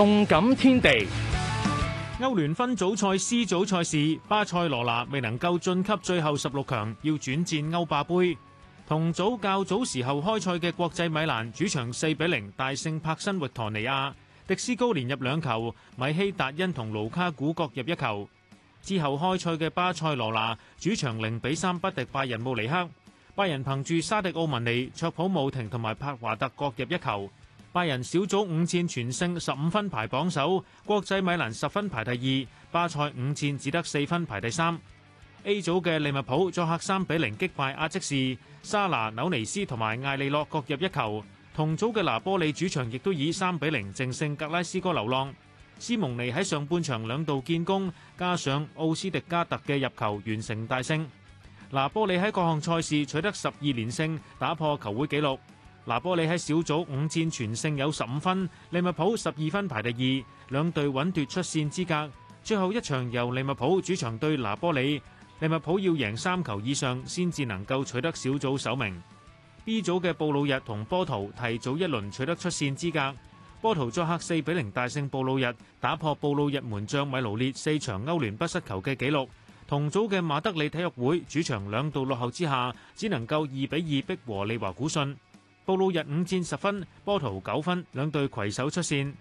動感天地，歐聯分組賽 C 組賽事，巴塞羅那未能夠晉級最後十六強，要轉戰歐霸盃。同組較早時候開賽嘅國際米蘭主場四比零大勝帕辛域陀尼亞，迪斯高連入兩球，米希達恩同盧卡古各入一球。之後開賽嘅巴塞羅那主場零比三不敵拜仁慕尼黑，拜仁憑住沙迪奧文尼、卓普姆廷同埋帕華特各入一球。拜仁小組五戰全勝，十五分排榜首；國際米蘭十分排第二；巴塞五戰只得四分排第三。A 組嘅利物浦作客三比零擊敗阿積士，莎拿、紐尼斯同埋艾利洛各入一球。同組嘅拿波利主場亦都以三比零淨勝格拉斯哥流浪，斯蒙尼喺上半場兩度建功，加上奧斯迪加特嘅入球，完成大勝。拿波利喺各項賽事取得十二連勝，打破球會紀錄。拿波里喺小組五戰全勝，有十五分；利物浦十二分排第二，兩隊穩奪出線資格。最後一場由利物浦主場對拿波里，利物浦要贏三球以上，先至能夠取得小組首名。B 組嘅布魯日同波圖提早一輪取得出線資格。波圖作客四比零大勝布魯日，打破布魯日門將米盧列四場歐聯不失球嘅紀錄。同組嘅馬德里體育會主場兩度落後之下，只能夠二比二逼和利華古遜。布魯日五戰十分，波圖九分，兩隊攜手出線。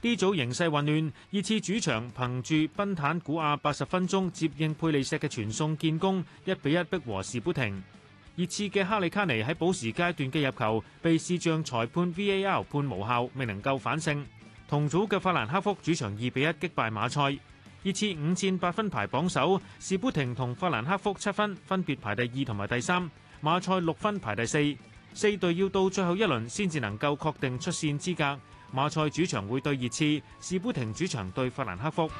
D 組形勢混亂，熱刺主場憑住賓坦古亞八十分鐘接應佩利錫嘅傳送建功，一比一逼和士砵亭。熱刺嘅哈利卡尼喺補時階段嘅入球被視像裁，裁判 VAR 判無效，未能夠反勝。同組嘅法蘭克福主場二比一擊敗馬賽。熱刺五戰八分排榜首，士砵亭同法蘭克福七分分別排第二同埋第三，馬賽六分排第四。四隊要到最後一輪先至能夠確定出線資格。馬賽主場會對熱刺，士砵亭主場對法蘭克福。